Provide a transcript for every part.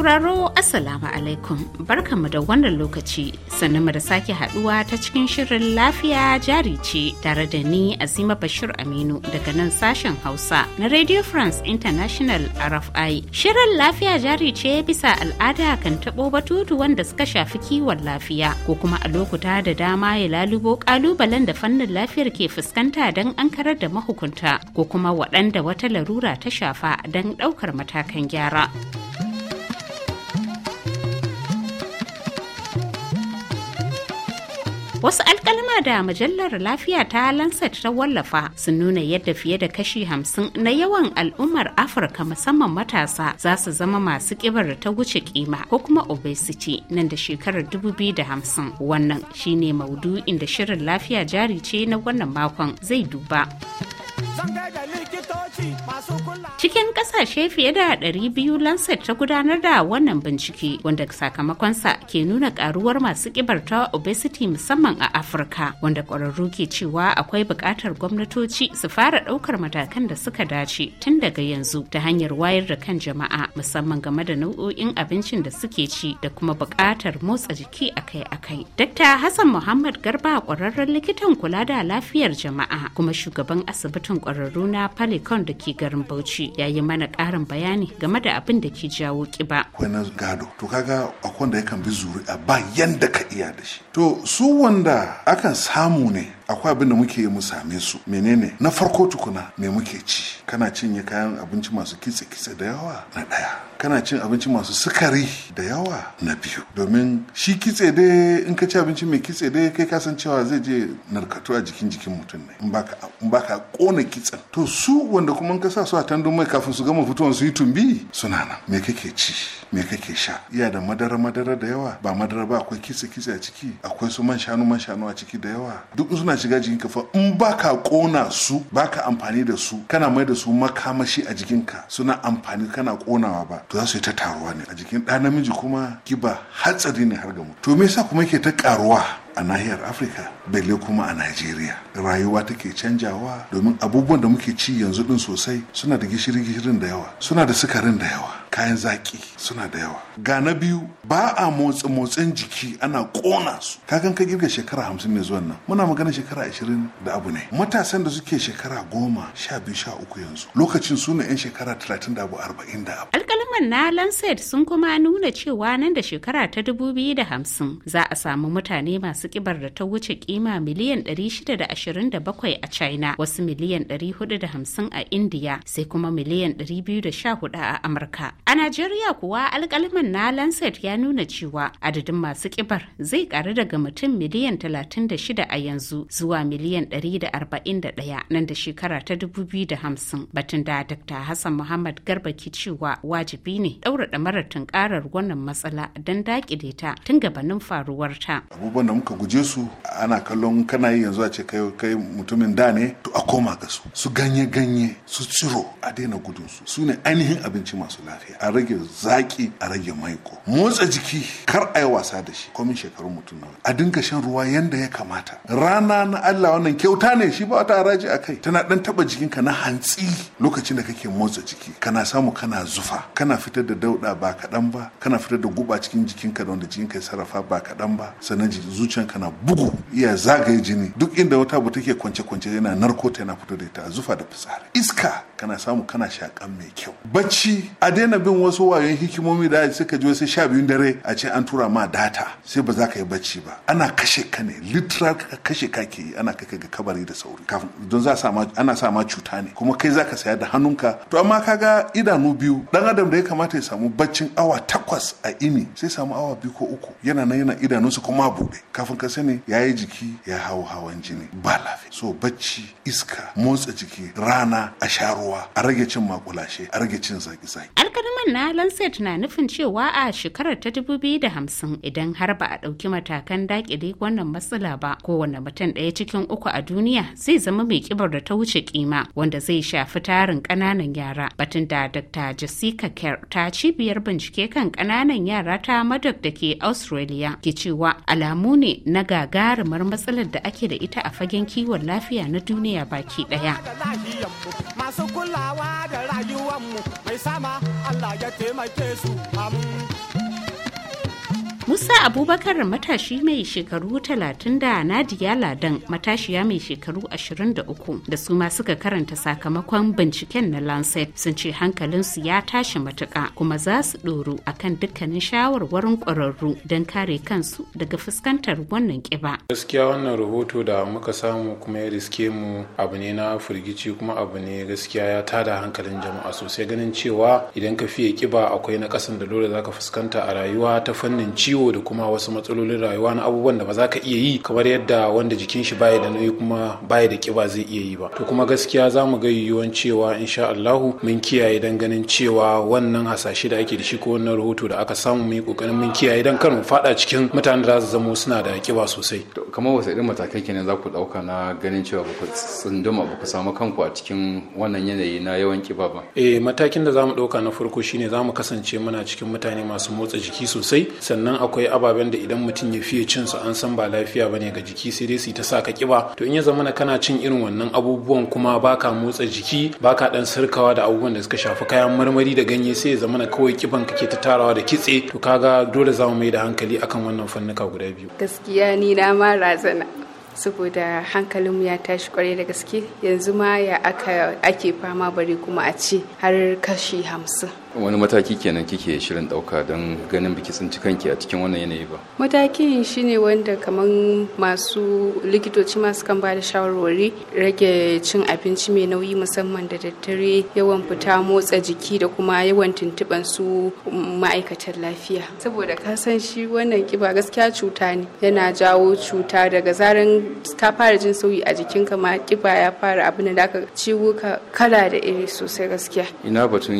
sauraro Assalamu alaikum barkanmu da wannan lokaci sannan mu da sake haduwa ta cikin shirin lafiya jari ce tare da ni Azima Bashir Aminu daga nan sashen Hausa na Radio France International RFI. Shirin lafiya jari ce bisa al'ada kan tabo batutu wanda suka shafi kiwon lafiya ko kuma a lokuta da dama ya lalubo kalubalen da fannin lafiyar ke fuskanta don an karar da mahukunta ko kuma waɗanda wata larura ta shafa don ɗaukar matakan gyara. Wasu alkalma da mujallar lafiya ta Lancet ta wallafa sun nuna yadda fiye da kashi hamsin na yawan al'ummar Afirka musamman matasa za su zama masu kibar ta wuce kima ko kuma obesity nan da shekarar dubu biyu da hamsin. Wannan shine maudu'in da shirin lafiya jari ce na wannan makon zai duba. Cikin kasashe fiye da 200 Lancet ta gudanar da wannan bincike wanda sakamakonsa ke nuna karuwar masu ƙibar ta obesity musamman a Afirka wanda kwararru ke cewa akwai bukatar gwamnatoci su fara daukar matakan da suka dace tun daga yanzu ta hanyar wayar da kan jama'a musamman game da nau'o'in abincin da suke ci da kuma bukatar motsa jiki akai-akai. Dr. Hassan Muhammad Garba kwararren likitan kula da lafiyar jama'a kuma shugaban asibitin kwararru na Palikon da ke garin Bauchi ya yi mana ƙarin bayani game da abin da ke jawo ƙiba. Wani gado, to kaga akwai wanda yakan bi zuri'a ba yanda ka iya da shi. To su wanda akan samu ne akwai abin da muke yi mu same su menene na farko tukuna me muke ci kana cinye kayan abinci masu kitse kitse da yawa na daya kana cin abinci masu sukari da yawa na biyu domin shi kitse dai in ka ci abinci mai kitse dai kai ka san cewa zai je narkatu a jikin jikin mutum ne in ka kona kitsen to su wanda kuma ka sa su a tandun mai kafin su gama fitowar su yi tumbi suna nan me kake ci me kake sha iya da madara madara da yawa ba madara ba akwai kitse kitse a ciki akwai su man shanu man shanu a ciki da yawa duk suna shiga jikinka fa in baka kona su baka amfani da su kana mai da su makamashi a jikinka suna amfani kana konawa ba to za su yi ta taruwa ne a jikin ɗa namiji kuma kiba hatsari ne har ga mu to me yasa kuma yake ta karuwa a nahiyar afirka bele kuma a najeriya rayuwa take canjawa domin abubuwan da muke ci yanzu din sosai suna da gishiri gishirin da yawa suna da sukarin da yawa kayan zaki suna da yawa ga na biyu ba a motsa motsin jiki ana kona su kakan ka girka shekara hamsin ne zuwan nan muna magana shekara ashirin da abu ne matasan da suke shekara goma sha biyu sha uku yanzu lokacin suna yan shekara talatin da abu arba'in da abu alkalaman na lancet sun kuma nuna cewa nan da shekara ta dubu biyu da hamsin za a samu mutane masu ƙibar da ta wuce kima miliyan 627 a China, wasu miliyan 450 a India, sai kuma miliyan 214 a Amurka. A Najeriya kuwa alkalamin na Lancet ya nuna cewa adadin masu ƙibar zai ƙaru daga mutum miliyan 36 a yanzu zuwa miliyan 141 nan da shekara ta 2050. Batun da Dr. Hassan Muhammad Garba ke cewa wajibi ne daura mara tunkarar wannan matsala don daƙile ta tun gabanin faruwar faruwarta. Abubuwan da muka guje su ana kallon kana yi yanzu a ce kai mutumin da ne to a koma ga su su ganye ganye su ciro a daina gudun su su ne ainihin abinci masu lafiya a rage zaki a rage maiko motsa jiki kar a yi wasa da shi komin shekarun mutum nawa a dinka shan ruwa yanda ya kamata rana na Allah wannan kyauta ne shi ba wata haraji a kai tana dan taba ka na hantsi lokacin da kake motsa jiki kana samu kana zufa kana fitar da dauda ba kaɗan ba kana fitar da guba cikin jikinka da wanda jikinka ya sarrafa ba kaɗan ba sannan zuciya zuciyan kana bugu iya zagaye jini duk inda wata abu take kwance kwance yana narko ta yana fito da ita zufa da fitsari iska kana samu kana shakan mai kyau bacci a daina bin wasu wayoyin hikimomi da suka ji wasu sha biyun dare a ce an tura ma data sai ba za ka yi bacci ba ana kashe ka ne literal kashe ka ke yi ana kai ga kabari da sauri don za ana sa ma cuta ne kuma kai za ka saya da hannunka to amma kaga idanu biyu dan adam da ya kamata ya samu baccin awa takwas a ini sai samu awa biyu ko uku yana nan yana idanunsa kuma buɗe kafin kafin ka sani ya yi jiki ya hau hawan jini ba lafiya so bacci iska motsa jiki rana a sharuwa a rage cin makulashe a rage cin zaki-zaki Alƙalman na Lancet na nufin cewa a shekarar ta dubu biyu da hamsin idan har ba a ɗauki matakan daƙile wannan matsala ba kowane mutum ɗaya cikin uku a duniya zai zama mai ƙibar da ta wuce kima wanda zai shafi tarin ƙananan yara. Batun da Dr. Jessica Kerr ta cibiyar bincike kan ƙananan yara ta Madak da ke Australia ke cewa alamu ne na gagarumar matsalar da ake da ita a fagen kiwon lafiya na duniya baki ɗaya. Masu kulawa da rayu mu mai sama Allah ya taimake su amin Musa Abubakar matashi mai shekaru 30 da Nadia Ladan matashiya mai shekaru 23 da su ma suka karanta sakamakon binciken na Lancet sun ce hankalinsu ya tashi matuka kuma za su ɗoru akan dukkanin shawarwarin ƙwararru don kare kansu daga fuskantar wannan ƙiba. Gaskiya wannan rahoto da muka samu kuma ya riske mu abu ne na firgici kuma abu ne gaskiya ya tada hankalin jama'a sosai ganin cewa idan ka fiye ƙiba akwai na ƙasan da dole za fuskanta a rayuwa ta fannin ciwo da kuma wasu matsalolin rayuwa na abubuwan da ba za ka iya yi kamar yadda wanda jikin shi baya da nauyi kuma baya da kiba zai iya yi ba to kuma gaskiya za mu ga yiwuwan cewa insha Allahu mun kiyaye dan ganin cewa wannan hasashe da ake da shi ko wannan rahoto da aka samu mu yi kokarin mun kiyaye dan kar mu faɗa cikin mutanen da za su zamo suna da kiba sosai to kamar wasu irin matakai kenan za ku dauka na ganin cewa ba ku tsunduma ba ku samu kanku a cikin wannan yanayi na yawan kiba ba eh matakin da za mu dauka na farko shine za mu kasance muna cikin mutane masu motsa jiki sosai sannan akwai akwai ababen da idan mutum ya fiye cin su an san ba lafiya bane ga jiki sai dai su ta sa ka kiba to in ya zama na kana cin irin wannan abubuwan kuma baka motsa jiki baka dan sarkawa da abubuwan da suka shafi kayan marmari da ganye sai ya zama na kawai kiban kake ta tarawa da kitse to kaga dole za mu mai da hankali akan wannan fannuka guda biyu gaskiya ni na ma razana saboda mu ya tashi kwarai da gaske yanzu ma ya aka ake fama bari kuma a ce har kashi hamsin wani mataki kenan kike shirin dauka don ganin biki tsinci kanki a cikin wannan yanayi ba matakin shine wanda kamar masu likitoci masu kan bada shawarwari rage cin abinci mai nauyi musamman da daddare yawan fita motsa jiki da kuma yawan tuntuban su ma'aikatan lafiya saboda ka san shi wannan kiba gaskiya cuta ne yana jawo cuta daga zaran ka fara jin sauyi a jikinka ma kiba ya fara abin da aka ciwo kala da iri sosai gaskiya ina batun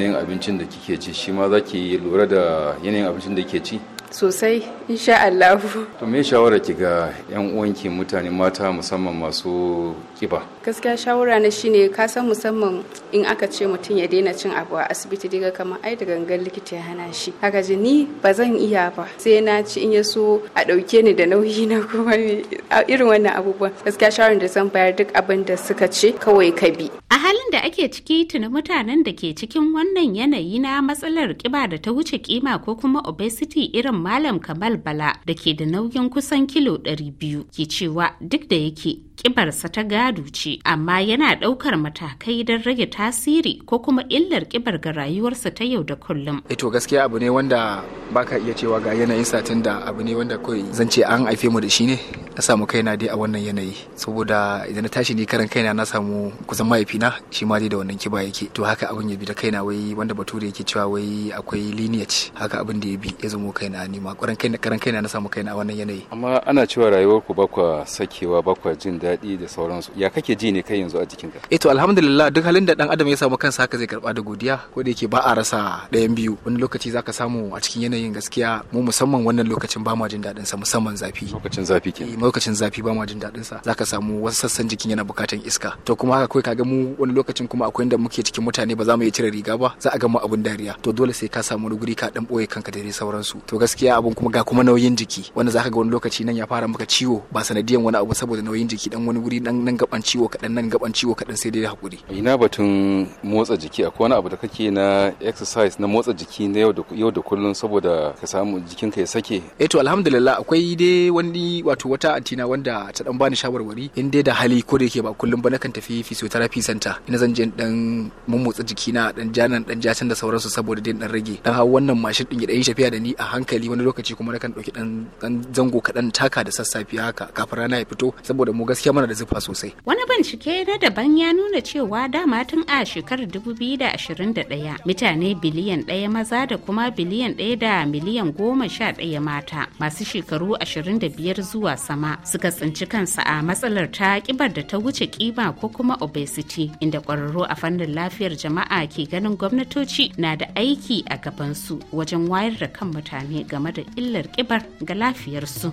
yanayin abincin da kike ci shi ma za ki lura da yanayin abincin da kike ci sosai insha Allah to me shawara ki ga yan uwanki mutane mata musamman masu kiba gaskiya shawara na shine ka san musamman in aka ce mutum ya daina cin abu a asibiti daga kamar ai da gangan likita ya hana shi haka ji ni ba zan iya ba sai na ci in ya so a dauke ni da nauyi na kuma irin wannan abubuwan gaskiya shawara da zan bayar duk abin da suka ce kawai ka bi A halin da ake ciki tuni mutanen da ke cikin wannan yanayi na matsalar kiba da ta wuce kima ko kuma obesity irin Malam Kamal Bala da ke da nauyin kusan kilo 200 ke cewa duk da yake kibarsa ta gado ce amma yana ɗaukar matakai don rage tasiri ko kuma illar kibar ga rayuwarsa ta yau da kullum. Ito eh gaskiya abu ne wanda baka iya cewa ga yanayin satin da abu ne wanda kawai zance an haife mu da shi ne na samu kaina dai a wannan yanayi saboda idan na tashi ni karan kaina na samu kusan mahaifi mahaifina shi ma dai da wannan kiba yake to haka abin ya bi da kaina wai wanda bature yake cewa wai akwai lineage haka abin da ya bi ya zamo kaina ni ma karan kaina karan kaina na samu kaina a wannan yanayi amma ana cewa rayuwar ku bakwa sakewa bakwa jin daɗi da sauransu ya kake ji ne kai yanzu a jikinka eh to alhamdulillah duk halin da dan adam ya samu kansa haka zai karba da godiya ko da yake ba a rasa ɗayan biyu wani lokaci zaka samu a cikin yanayin gaskiya mu musamman wannan lokacin ba ma jin daɗin sa musamman zafi lokacin zafi kenan eh, lokacin zafi ba ma jin daɗin sa zaka samu wasu sassan jikin yana bukatan iska to kuma haka kai kaga mu wani lokacin kuma akwai inda muke cikin mutane ba za mu iya cire riga ba za a ga mu abun dariya to dole sai ka samu wani guri ka dan boye kanka da dai sauransu to gaskiya abun kuma ga kuma nauyin jiki wanda zaka ga wani lokaci nan ya fara maka ciwo ba sanadiyan wani abu saboda nauyin jiki dan wani guri dan nan gaban ciwo kadan nan gaban ciwo kadan sai dai hakuri ina batun motsa jiki akwai wani abu da kake na exercise na motsa jiki na yau da yau da kullun saboda ka samu jikinka ya sake eh to alhamdulillah akwai dai wani wato wata antina wanda ta dan bani shawarwari in dai da hali ko da yake ba kullum ba nakan tafi physiotherapy makaranta ina zan je dan jiki jikina dan janan dan jacin da sauransu saboda din dan rage dan hawo wannan mashin din ya dan shafiya da ni a hankali wani lokaci kuma nakan dauki dan dan zango kadan taka da sassafe haka kafin rana ya fito saboda mu gaskiya mana da zufa sosai wani bincike na daban ya nuna cewa dama tun a shekarar 2021 mutane biliyan daya maza da kuma biliyan daya da miliyan goma sha daya mata masu shekaru 25 zuwa sama suka tsinci kansa a matsalar ta kibar da ta wuce kima ko kuma obesity inda kwararru a fannin lafiyar jama'a ke ganin gwamnatoci na da aiki a gabansu wajen wayar da kan mutane game da illar kibar ga lafiyarsu.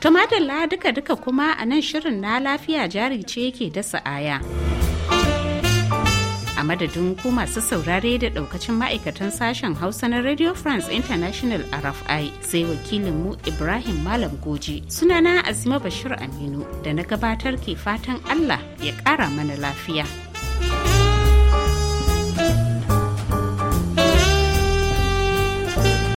Tumadala duka-duka kuma a nan shirin na lafiya jari ce yake dasa aya. madadin ku masu saurare da daukacin ma'aikatan sashen hausa na radio france international rfi sai Wakilin Mu ibrahim malam goji sunana azima bashir aminu da na gabatar ke fatan allah ya kara mana lafiya.